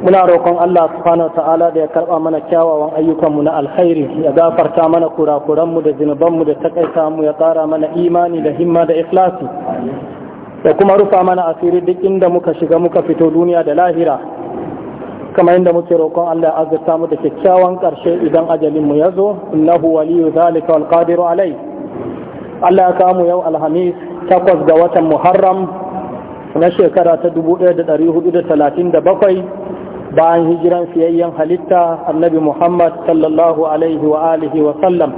muna roƙon Allah subhanahu wa ta'ala da ya karɓa mana kyawawan ayyukanmu na alkhairi ya gafarta mana kurakuranmu da zinubanmu da takaita mu ya ƙara mana imani da himma da ikhlasi da kuma rufa mana asiri duk inda muka shiga muka fito duniya da lahira kamar inda muke roƙon Allah ya azurta mu da kyakkyawan ƙarshe idan ajalin mu ya zo innahu waliyu zalika wal qadiru alai Allah ya kawo mu yau alhamis takwas ga watan Muharram na shekara ta 1437 bayan hijiran siyayyen halitta annabi Muhammad sallallahu alaihi wa alihi wa sallam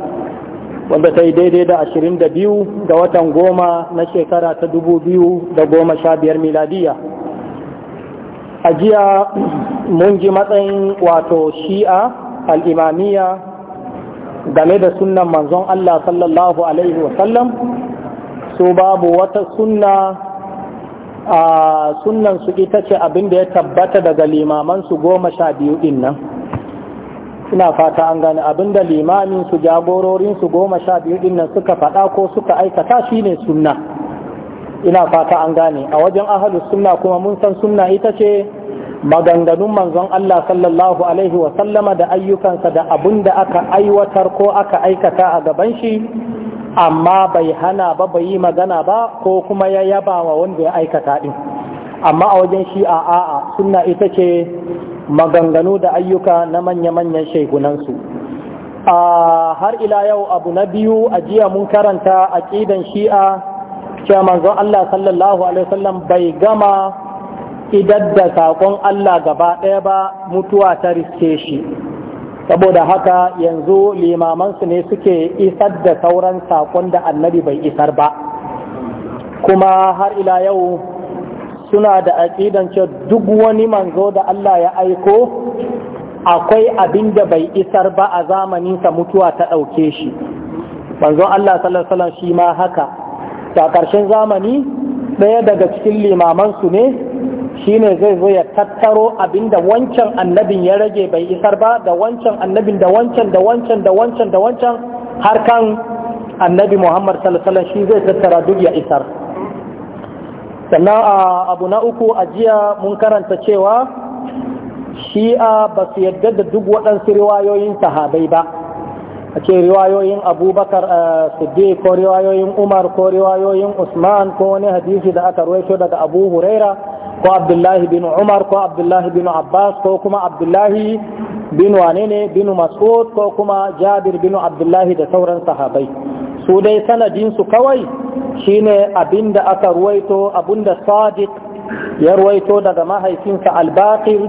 wanda ta yi daidai da biyu ga watan goma na shekara ta goma sha 2015 miladiya a jiya mun ji matsayin wato shi'a al'imamiya game da sunan manzon Allah sallallahu alaihi wa sallam su babu wata sunna a sunan su ita ce abin da ya tabbata daga limaman su goma sha biyu din nan ina fata an gane abin da limamin su jagororin su goma sha biyu din nan suka faɗa ko suka aikata shine sunna ina fata an gane a wajen ahalu sunna kuma mun san sunna ita ce maganganun manzon Allah sallallahu alaihi wa da ayyukansa da abin aka aiwatar ko aka aikata a gaban shi amma bai hana ba bai yi magana ba ko kuma ya yaba wa wanda ya aikata ɗin amma a wajen shi a a'a suna ita ce maganganu da ayyuka na manya-manyan shaikunansu a har ila yau abu na biyu a jiya mun karanta a ƙidan shi'a ce manzon Allah sallallahu alaihi wasallam bai gama idar da saƙon Allah gaba ɗaya ba mutuwa ta riske shi saboda haka yanzu limamansu ne suke isar da sauran sakon da annabi bai isar ba kuma har ila yau suna da aƙidance duk wani manzo da Allah ya aiko akwai abin da bai isar ba a zamaninsa mutuwa ta ɗauke shi manzo Allah sallallahu shi ma haka da ƙarshen zamani ɗaya daga cikin limamansu ne shine zai zo ya tattaro abinda wancan annabin ya rage bai isar ba da wancan annabin da wancan da wancan da wancan da wancan har kan annabi Muhammad sallallahu alaihi shi zai tattara duk ya isar sannan abu na uku a jiya mun karanta cewa shi'a ba su yadda da duk waɗansu riwayoyin sahabai ba a ce riwayoyin abubakar eh, siddiq ko riwayoyin umar ko riwayoyin usman ko wani hadisi da aka ruwaito daga abu huraira ko abdullahi bin umar ko abdullahi bin abbas ko kuma abdullahi bin wanene bin mas'ud ko kuma jabir bin abdullahi da sauran sahabai su dai sanadin su kawai shine abinda aka ruwaito abinda sadiq ya ruwaito daga mahaifinsa al-baqir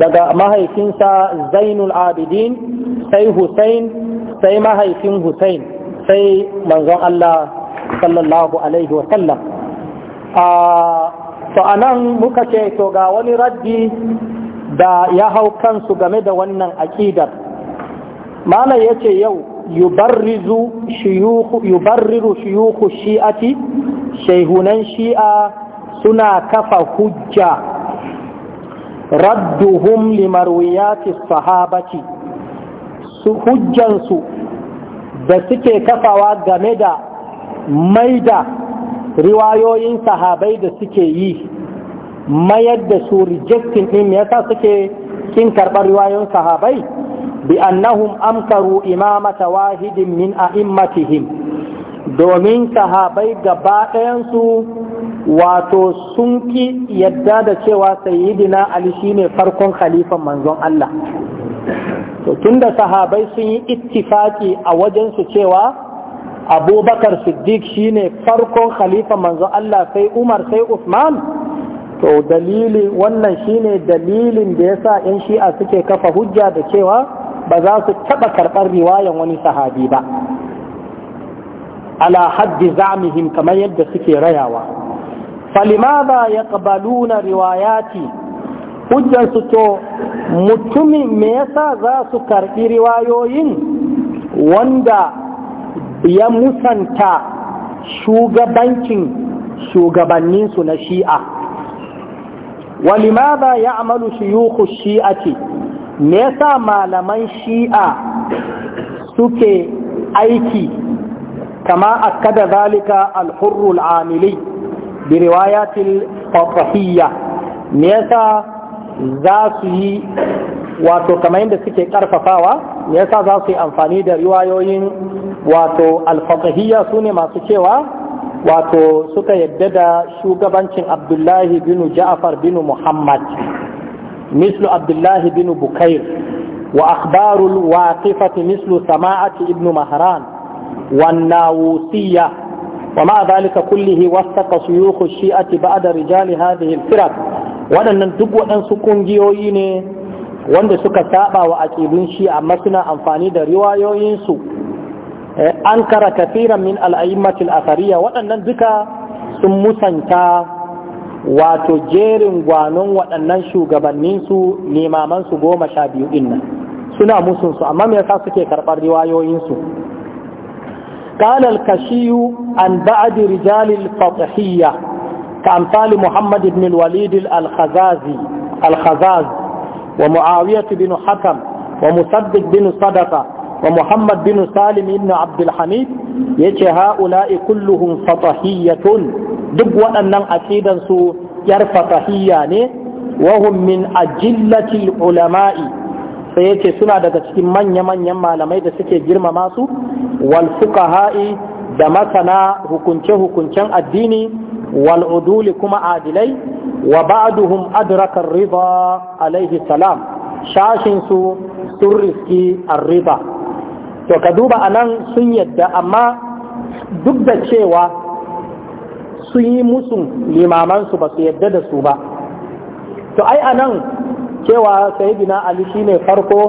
daga mahaifinsa zainul abidin sai husain sai mahaifin husain sai manzon allah sallallahu alaihi wa a to anan muka ce to ga wani raddi da ya hau kansu game da wannan aƙidar mana ya ce yau yubarriru shiyuku shi'ati shaihunan shi'a suna kafa hujja radduhum limarwiyati sahabati su hujjansu da suke kafawa game da maida riwayoyin sahabai da suke yi mayar da su din ɗin yasa suke kin karɓar riwayoyin sahabai bi annahum amkaru imamata wahidin min a'immatihim domin sahabai gaba ɗayansu wato sun ki yadda da cewa sayyidina ali shine farkon khalifan manzon Allah to tunda sahabai sun yi ittifaki a wajen su cewa abubakar siddiq shine farkon khalifa manzo Allah sai umar sai usman to dalili wannan shine dalilin da yasa in shi'a suke kafa hujja da cewa ba za su taba karɓar riwayan wani sahabi ba ala haddi zamihim kamar yadda suke rayawa falimada ya ƙabaluna riwayati hujjarsu to mutumin me yasa za su karɓi riwayoyin wanda ya musanta shugabancin shugabanninsu na shi'a walimada ya amalu shiyuku ce, me yasa malaman shi'a suke aiki kama a kada zalika alhurrul amili bi riwayatil fatahiyya me sa za su yi wato kamar yadda suke karfafawa me yasa za su yi amfani da riwayoyin wato alfahiyya su ne masu cewa wato suka yadda da shugabancin abdullahi binu ja'far binu muhammad mislu abdullahi binu bukair wa akhbarul waqifati mislu sama'ati ibnu mahran wan nawusiyya wa ma dhalika kullihi wasaqa shuyukh shi'ati ba'da rijali hadhihi al-firaq waɗannan duk waɗansu ƙungiyoyi ne wanda suka saba wa aƙidun shi amma suna amfani da riwayoyinsu Eh, an kara kafira min al’ayyammacin asariya waɗannan duka sun musanta wato jerin gwanon waɗannan shugabanninsu nemamansu goma sha biyu inna suna musunsu amma mai yasa suke karɓar riwayoyinsu ƙalal kashiyu an ba'adi rijalil fatahiyya ka amfali muhammad ibn walid al-khazaz wa mu'awiyatu bin hakam wa musaddiq bin sadaqa wa Muhammad bin Salim ibn Abdul Hamid yace ha'ula'i kulluhum fatahiyatun duk waɗannan aqidan su yar fatahiyya ne wa hum min ajillati ulama'i sai yace suna daga cikin manya manyan malamai da suke girmama su wal fuqaha'i da masana hukunce hukuncen addini wal uduli kuma adilai wa ba'duhum adraka ar-ridha alayhi salam shashin su sun arriba to ka duba a nan sun yadda amma duk da cewa sun yi musu limamansu ba su yadda da su ba to ai a nan cewa sayidina ali shine farko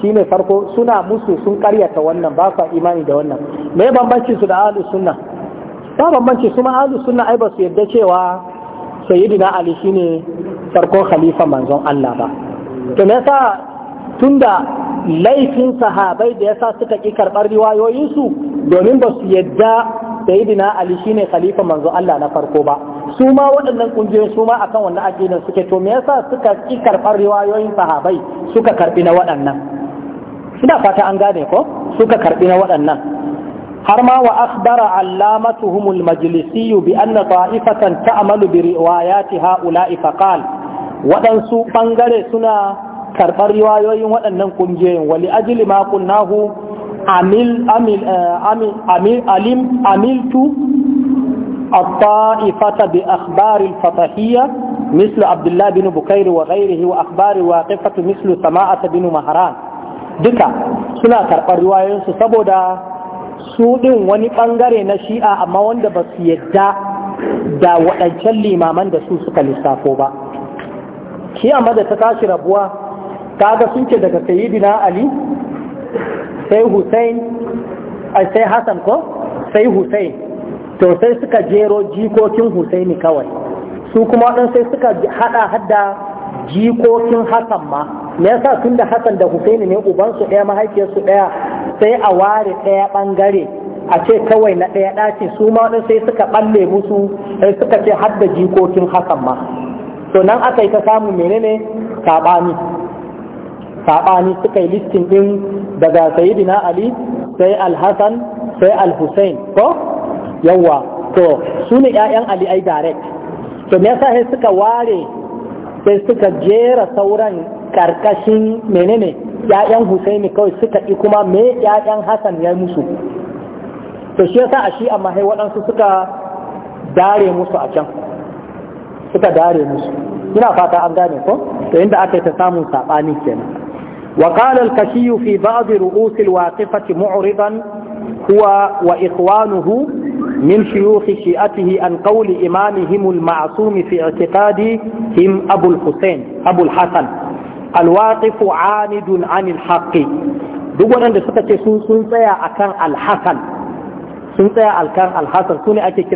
shine farko suna musu sun karyata wannan ba sa imani da wannan me bambanci su da ahlus sunna ba bambanci su ma ahlus sunna ai ba su yadda cewa sayidina ali shine farkon khalifa manzon Allah ba to me yasa tunda laifin sahabai da yasa suka ƙi karɓar riwayoyinsu domin ba su yadda sayidina ali shine khalifa manzo Allah na farko ba su ma waɗannan ƙungiyoyin su ma akan wannan aƙidar suke to me yasa suka ƙi karɓar riwayoyin sahabai suka karɓi na waɗannan ina fata an gane ko suka karɓi na waɗannan har ma wa akhbara allamatuhum almajlisi bi anna ta'ifatan ta'malu bi riwayati ha'ula'i faqal waɗansu ɓangare suna karbar wayoyin waɗannan ƙungiyoyin wani ajili ma kunu na ku Amiltu Akwai fata bi asibari ta fahimiyar Abdullahi bin Bukayri wa kairi hira asibariyar wa ke fattu Mislou sama asabin maharam. Duka suna karɓar wayoyinsu saboda su ɗin wani ɓangare na Shi'a amma wanda ba su yadda da waɗancan limaman da su suka lissafo ba. Shi'a maza ta tashi rabuwa. kaga sun ce daga Sayidina ali sai hussein sai hassan ko sai hussein to sai suka jero jikokin husaini kawai su kuma ɗan sai suka hada hada jikokin hassan ma me yasa tun da hassan da husaini ne ubansu ɗaya mahaifiyarsu ɗaya sai a ware ɗaya ɓangare a ce kawai na ɗaya ɗaci su ma ɗan sai suka ɓalle musu sai suka ce hadda jikokin hassan ma to nan aka yi ta samu menene saɓani sabani suka yi listin din daga sayyidina ali sai al sai al ko yawa to su ne ƴaƴan ali ai direct to me yasa sai suka ware sai suka jera sauran karkashin menene ƴaƴan husaini kawai suka yi kuma me ƴaƴan hasan ya musu to shi yasa a shi amma sai waɗansu suka dare musu a can suka dare musu ina fata an gane ko to inda aka yi ta samun saɓani kenan وقال الكشي في بعض رؤوس الواقفة معرضا هو وإخوانه من شيوخ شيعته عن قول إمامهم المعصوم في اعتقادهم أبو الحسين أبو الحسن الواقف عاند عن الحق duk waɗanda suka ce sun tsaya a kan alhassan sun tsaya alkan alhassan su ne ake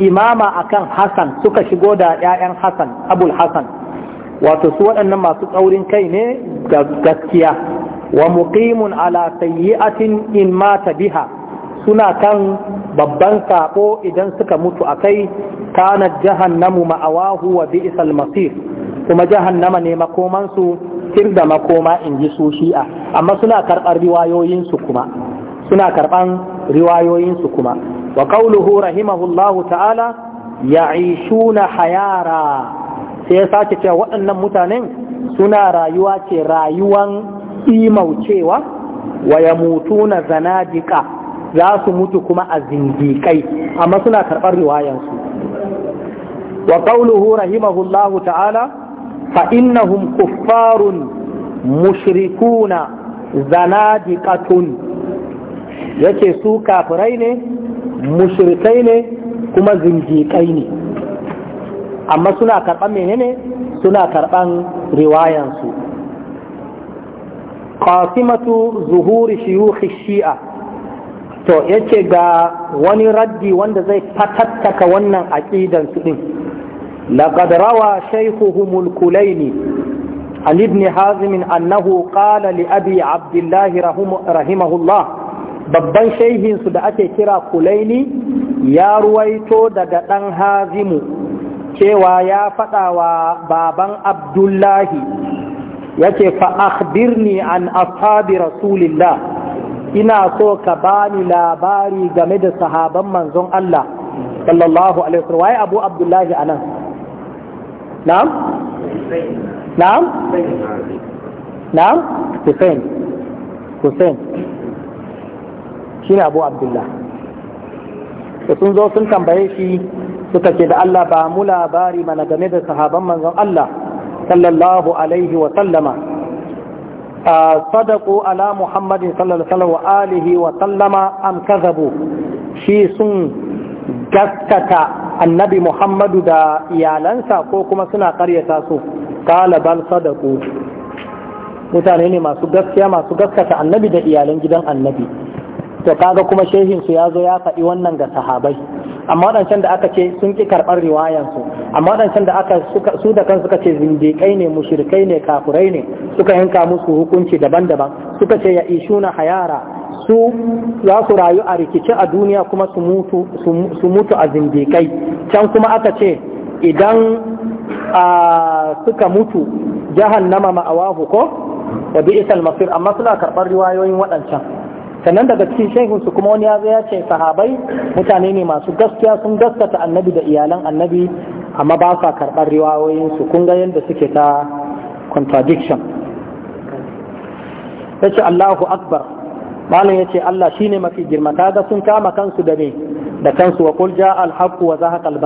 imama akan Hassan suka shigo da 'ya'yan Hassan Abul Hassan wato su waɗannan masu tsaurin kai ne ga gaskiya wa muqimun ala sayyi'atin in mata biha suna kan babban sako idan suka mutu a kai kana jahannamu ma'awahu wa bi'sal masir kuma jahannama ne makomansu tir da makoma in ji su shi'a amma suna karɓar suna karɓan riwayoyinsu kuma wa qawluhu rahimahullahu ta'ala ya'ishuna hayara sai ya sake cewa waɗannan mutanen suna rayuwa ce rayuwan imaucewa wa yamutuna zanadika za su mutu kuma a zindikai amma suna karɓar riwayansu wa qawluhu rahimahullahu ta'ala fa kuffarun mushrikuna zanadiqatun yake su kafirai ne Mushirikai ne kuma zindiƙai ne amma suna karɓan menene suna karɓan riwayansu qasimatu zuhuri shiyuhi shi'a to yace ga wani raddi wanda zai fatattaka wannan aqidan su din laqad rawa shaykhuhum al-kulaini عن ibn hazim annahu qala li abi abdullah rahimahullah babban shaihinsu da ake kira kulaini ya ruwaito daga ɗan hazimu cewa ya faɗa wa baban abdullahi ya ce fa'akbirni an ashabi rasulillah ina so ka bani labari game da sahaban manzon Allah sallallahu alaihi wasallam waye abu abdullahi anan na'am na'am na'am Hussein Hussein shi abu abdullah da sun zo sun tambaye shi suka ce da Allah ba mu labari mana game da sahaban manzon Allah sallallahu alaihi wa sallama sadaku ala muhammadin sallallahu wa alihi wa sallama am kazabu shi sun gaskata annabi muhammadu da iyalansa ko kuma suna karyata su kala bal sadaku mutane ne masu gaskiya masu gaskata annabi da iyalan gidan annabi to kaga kuma shehin su ya zo ya faɗi wannan ga sahabai amma waɗancan da aka ce sun ki karɓar riwayan su amma waɗancan da aka su da kan suka ce zindiƙai ne mushrikai ne kafurai ne suka yanka musu hukunci daban-daban suka ce ya ishuna hayara su za su rayu a rikici a duniya kuma su mutu su mutu a zindiƙai can kuma aka ce idan suka mutu jahannama ma'awahu ko da bi'isal masir amma suna karɓar riwayoyin waɗancan sannan daga cikin shehunsu kuma wani ya ya ce sahabai mutane ne masu gaskiya sun gaskata annabi da iyalan annabi amma ba sa karɓar riwayoyinsu kun ga yadda suke ta contradiction ya ce allahu akbar malam ya ce allah shine mafi girma ga sun kama kansu da me da kansu wa qul ja wa zahaqa al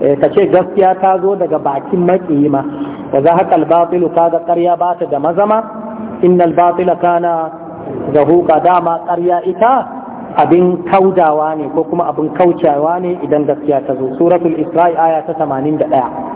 eh, ka ce gaskiya ta zo daga bakin maƙiyi ma wa zahaqa al kaga karya ba ta da mazama innal batila kana zahuka dama karya ita abin kaudawa ne ko kuma abin kaucewa ne idan gaskiya ta zo suratul isra'i aya ta 81